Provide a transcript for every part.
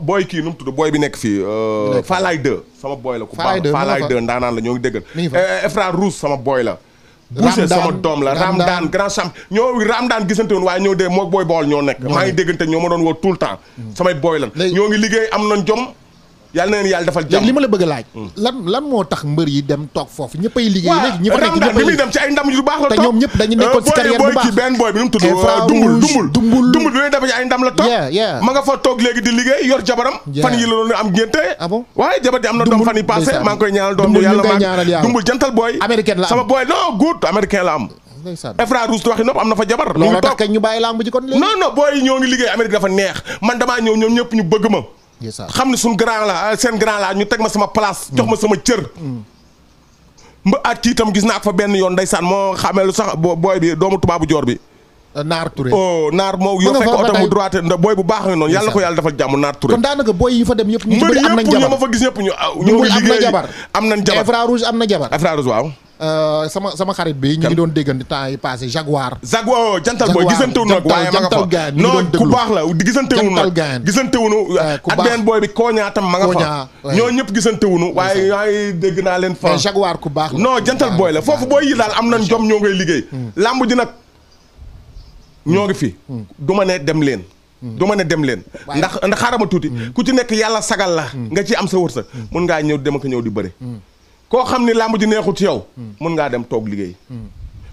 booy kii nu mu tudd booy bi nekk fii. Euh, Faalaay 2 sama booy la ku baax Faalaay 2 ndaanaan la ñoo ngi déggal. Eh, eh, Efra Rousse sama booy la. Boucher sama doom la Ramdan grand champ ñoo daan gisante woon waaye ñoo dee moo booy bool ñoo nekk. maa ngi déggante ñoo ma doon woo tout le temps. Mm. samay booy lan ñoo ngi liggéey am na jom. yàlla na leen yàlla defal jàmm li ma la bëgg a laaj hmm. lan lan moo tax mbër yi dem toog foofu ñëppay liggéey léegi ñëpp nekk ñëpp muy baax la toog te ñoom ñëpp dañu nekkoon ci euh, euh, dafa la toog ma nga fa toog léegi di liggéey yor jabaram fan yi la doon am ngénte ah waaye jabar ji am na doom fan yi passé maa ngi koy ñaanal doom yàlla maa dumbul jantal booy américaine am Efra Rousse waxi nopp am na fa jabar ñu ngi toog neex man damaa ñëw ñoom ñëpp ñu bëgg ma xam ne suñ grand la euh, seen grand la ñu teg ma sama place jox ma mm. sama cër mm. mba at kii itam gis naa fa benn yoon ndeysaan moo xamee lu sax booy bi doomu tubaabu joor bi euh, Naar Touré oh Naar moo yor fekk oto mu droite booy bu baax noonu yàlla ko yàlla defal jàmm Naar Touré kon daanaka booy yi fa dem yëpp ñu bëri am nañ jabar ma fa gis ñëpp ñu ah, ñu am na jabar am nañ jabar am na jabar Infra Rouge waaw Euh, sama sama xarit bi ñu ngi doon déggandi temps yi passé Jaguar. Jaguar oh, jantal booy gisantewuñu nag. waaye ma nga fa non ku baax la gisantewuñu nag gisantewuñu. ak benn booy bi Koña tam ma nga fa. ñoo ñëpp gisantewuñu waaye waaye dégg naa leen fa. Jaguar ku baax la non jantal booy la foofu booy yi daal am nañ jom ñoo ngay liggéey. Hmm. Hmm. làmb ji nag ñoo ngi fi. du ne dem leen. du ma ne dem leen. Hmm. ndax ndax xaaral ma tuuti. ku ci nekk yàlla sagal la. nga ci am sa wër wërsëg. mun ngaa ñëw dem ak ñëw di bëre koo xam ni làmb ji neexut yow. Hmm. mën ngaa dem toog liggéey. Hmm.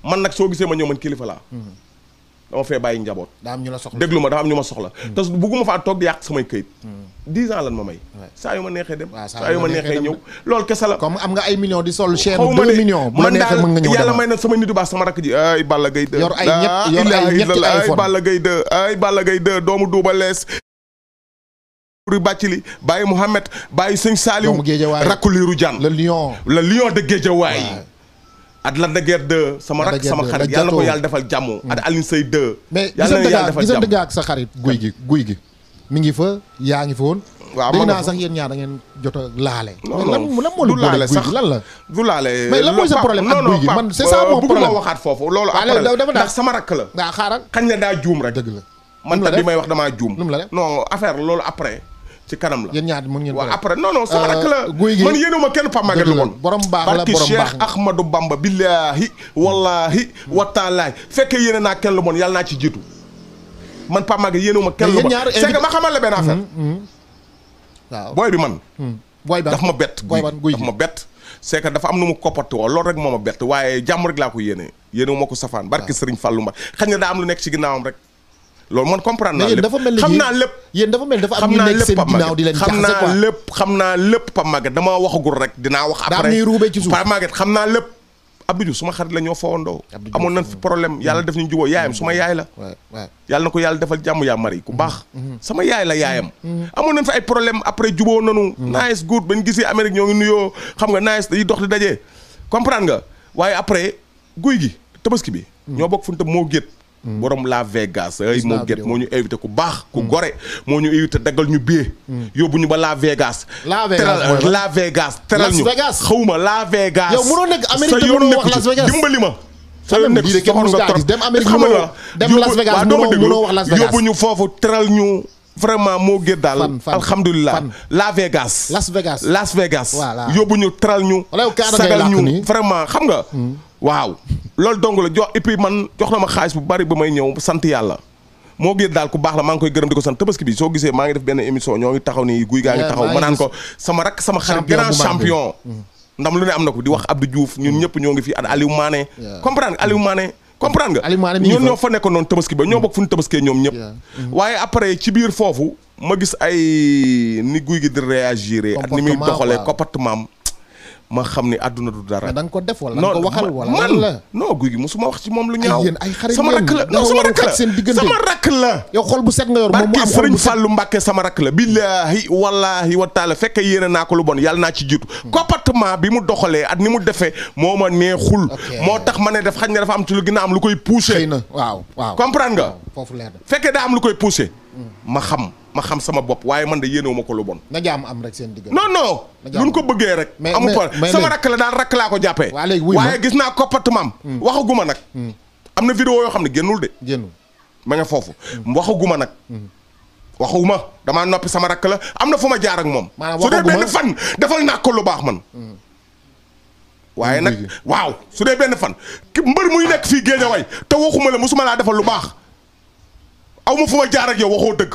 man nag soo gisee ma ñëw man kilifa laa. Hmm. dama fee bàyyi njaboot. daa ñu la soxla déglu ma dafa am ñu ma soxla. te bugguma faa toog di yàq samay këyit. 10 ans lan ma may. saa yu ma neexee dem. saa yu ma neexee ñëw loolu kese la. comme am nga ay millions di sol chaîne 2 millions. bu la neexee mën nga ñëw yàlla may na sama nitu baax sama rakk ji ay Balla Gaye 2. ay ñett yor ay ñetti iPhone ay Balla gay 2 ay Balla doomu Double lees Boury Bathily Baye Mouhamed Baye Sëñ Saliou rakku Lirou Diane le lion le lion de Guédiawaye ak Lac de Guiers 2 sama rak sama xarit yàlla na ko yàlla defal jàmm hmm. ak Alioune Seye 2 mais gisante nga ak sa xarit guy gi guy gi mi ngi fa yaa ngi fa waaw dégg naa sax yéen ñaar da ngeen jot a laale lan lan moo lu laale sax lan la du laale mais lan sa problème ak guy gi man c'est ça euh, mon problème bëgguma waxaat foofu loolu après ndax sama rakk la waaw xaaral xañ na daa juum rek dëgg la man tam bi may wax damaa juum la def non affaire loolu après ci kanam la yéen ñaar mu ngi waaw après non non sama rakk la euh, guy gi man yéenuma kenn Pape Maguette lu woon borom baax la borom baax Cheikh Ahmadou Bamba billaahi wallaahi hmm. wataalaay fekkee yéene naa kenn lu woon yàlla naa ci jiitu man Pape Maguette yéenuma kenn lu ma xamal la benn affaire hmm, hmm. waaw booy bi man booy ba daf ma bett guy daf ma bett c'est que dafa am nu mu koppati woo loolu rek moo ma bett waaye jàmm rek laa ko yéene yéenewuma ko safaan barki Sëriñ lu Mbakke xañ na daa am lu nekk ci ginnaawam rek loolu man comprendre naa lépp xam naa lépp yéen dafa mel dafa am ñu nekk seen ginnaaw di leen jaxase quoi xam naa lépp xam naa lépp Pape Maguette rek dinaa wax après daa ruubee ci suuf Pape Maguette xam naa lépp Abdou Diouf suma xarit la ñoo fawandoo amoon nañ fi problème yàlla def ñu jubóo yaayam suma yaay la yàlla na ko yàlla defal jàmm yaa mari ku mm-hmm. baax mm-hmm. sama yaay la yaayam mm-hmm. amoon nañ fi ay problème après jubóo nanu nice good bañ gisee Amérique ñoo ngi nuyoo xam nga nice dañuy dox di dajee comprendre nga waaye après guy gi tabaski bi ñoo bokk fu ñu moo géet borom la Vegas ay moo get moo ñu invité ku baax ku mm. gore moo ñu invité daggal ñu billet mm. yóbbu ñu ba la Vegas teral la Vegas teral ñu xawma la Vegas yow mënoo nekk Amérique mënoo wax Las Vegas dimbali ma sa yoon nekk soxor nga trop dem Amérique mënoo dem Las Vegas yóbbu ñu foofu teral ñu vraiment moo gën daal alxamdulillah la Vegas Las Vegas Las Vegas yóbbu ñu teral ñu sagal ñu vraiment xam nga mm. waaw loolu dong la jox et man jox na ma xaalis bu bari ba may ñëw sant yàlla moo gën daal ku baax la maa ngi koy gërëm di ko sant tabaski bi soo gisee maa ngi def benn émission ñoo ngi taxaw nii guy gaa ngi taxaw ma naan sama rak sama xarit grand champion mm. ndam am na ko di wax Abdou Diouf ñun ñëpp ñoo ngi fi ak Aliou Mané comprendre Aliou mm. Mané comprendre nga ñoon ñoo fa nekkoon noonu tabaski ba ñoo bokk fu mm-hmm. ci biir foofu ma gis ay ni guy gi di réagir ak ni muy doxalee comportement ma xam ni àdduna du dara. da nga ko def wala da man non guy gi musuma wax ci moom lu ñaaw. ay xarit sama rakk la non sama rakk la bu set nga yor moom mu am xol bu set Sëriñ Fàllu la. billaahi wallaahi wa taala fekk yéene naa ko lu bon yàlla naa ci jiitu. Hmm. comportement bi mu doxalee at ni mu defee moo ma neexul. moo tax ma ne daf xañ ne dafa am ci lu gën a am lu koy poussé. xëy na waaw waaw comprendre nga. foofu leer na fekkee daa am lu koy poussé. ma xam ma xam sama bopp waaye man de yéenewu ma ko lu bon. na jaam am rek seen diggante. non non. luñ ko bëggee rek. amu ko sama rakk la daal rakk laa ko jàppee. waaye gis naa comportement am. Hmm. waxaguma nag. Hmm. am na vidéo yoo xam ne génnul de. génnul ma nga foofu. Hmm. waxaguma nag. waxuma damaa noppi sama rakk la am na fu ma jaar ak moom. su dee benn fan defal naa ko lu baax man. waaye nag waaw su dee benn fan mbër muy nekk fii géejawaay te waxuma la ma laa defal lu baax. aw ma fu ma jaar ak yow waxoo dëgg.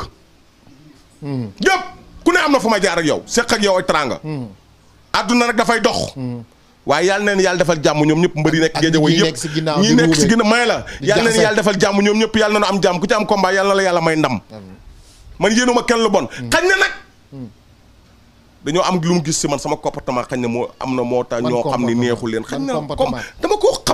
Hmm. yëpp ku ne am na fu ma jaar ak yow seq ak yow ay teraanga. Hmm. àdduna nag dafay dox. Hmm. waaye yal neen yàlla defal jàmm ñoom ñëpp mbëri nekk géejawaay yëpp ñi nekk si ginnaaw may la yal neen yàlla defal jàmm ñoom ñëpp yàlla am jàmm ku ci am combat yàlla la yàlla may ndam man yéenuma kenn lu bon xañ na nag dañoo am lu mu gis si man sama comportement xañ ne moo am na moo tax ñoo xam ne neexul leen xañ na comme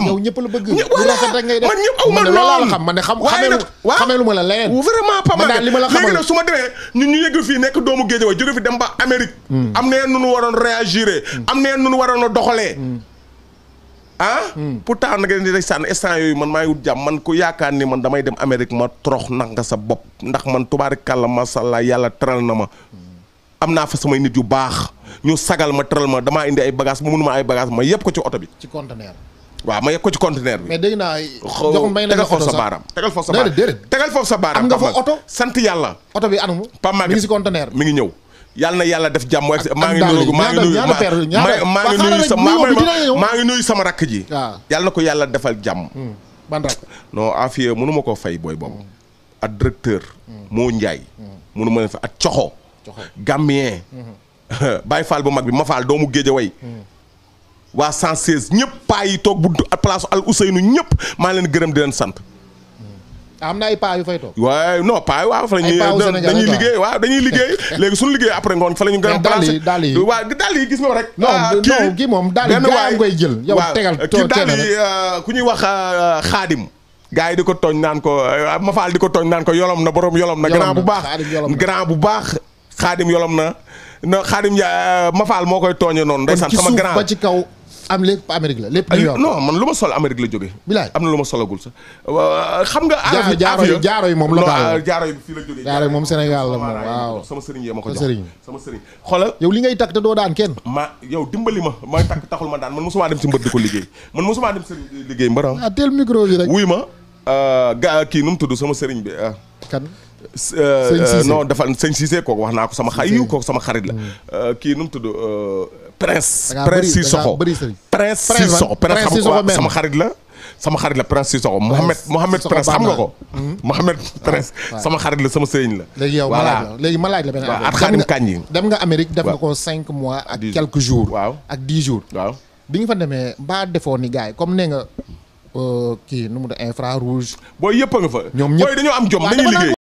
am yow ñëpp la bëgg lu rafet rek ngay def man ñëpp aw ma lool xam man ne xam xamee lu ma la leneen vraiment pas li ma la xamal léegi nag su ma demee ñun ñu yëg fii nekk doomu géej wa jóge fi dem ba Amérique hmm. am na nu nu waroon réagir hmm. am na nu nu waroon a doxalee hmm. ah pourtant nag di rek sànn instant yooyu man maa ngi wut jàmm man ku yaakaar ni man damay dem Amérique ma torox nax nga sa bopp ndax man tubaarikàlla masalla yàlla teral na ma am naa fa samay nit yu baax ñu sagal ma teral ma damaa indi ay bagage mu mënuma ay bagage ma yépp ko ci oto bi ci conteneur waaw ma yegg ko ci conteneur bi. mais dégg naa jox may na tegal foofu sa baaraam. tegal foofu sa baaraam tegal foofu sa baaraam. am nga fa oto sant yàlla. oto bi anamu. Pape Maguette mi ngi mi ngi ñëw. yàlla yàlla def jàmm. maa ngi nuyu maa ngi nuyu maa ngi nuyu sama maa ngi nuyu sama rakk ji. yàlla ko yàlla defal jàmm. Hmm. ban rakk non Afia mënu koo fay booy boobu. ak directeur. Hmm. moo Ndiaye. Hmm. mënu ma leen fa ak coxo. coxo Gambien. Baye bu mag bi ma Fall doomu Géeja way waa 116 ñëpp paa yi toog buntu place Al Ousseynou ñëpp maa leen gërëm di leen sant. Ah, am na ay paa yu fay toog. waaw non paa fa la ñuy dañuy liggéey waaw dañuy liggéey léegi suñu liggéey après ngoon fa la ñu gën a placé daal yi waaw daal yi gis nga rek non ah, non kii moom daal yi gaa ngoy jël yow tegal kii daal yi euh, ku ñuy wax euh, xaadim gaa yi di ko tooñ naan ko euh, ma di ko tooñ naan ko yolom na borom yolom na grand bu baax grand bu baax xaadim yolom na na xaadim ya mafaal moo koy tooñe noonu sant sama grand ba ci kaw am lépp Amérique la lépp New York non man lu ma sol Amérique la jóge bilaay am na lu ma solagul sax xam nga. affaire jaaro yi jaaro yi moom local ah, jaaro yi fii la jógee. yi moom Sénégal la moom waaw. sama sëriñ yee ma ko jox sama sëriñ xoolal yow li ngay takk te doo daan kenn. ma yow dimbali ma may takk taxul ma daan man mosuma dem si mbër di ko liggéey man mosuma dem si liggéey mbëram. ah teel micro bi rek wuy ma. Ah, gaa kii nu mu tudd sama sëriñ bi ah. kan. sëñ Cissé non wax naa ko sama xay kooku sama xarit la mm. kii nu mu tudd prince prince Sissoko prince Sissoko prince xam ko sama xarit la sama xarit la prince Sissoko Mohamed Mohamed prince xam nga ko hmm. Mohamed sama xarit la sama sëriñ la léegi yow voilà léegi ma laaj la benn at xaadim kañ yi dem nga Amérique def nga ko cinq mois ak quelques jours waaw ak dix jours waaw bi nga fa demee ba defoo ni gars comme nee nga euh, kii nu mu de infra rouge booy yëpp nga fa ñoom ñëpp booy dañoo am jom dañuy liggéey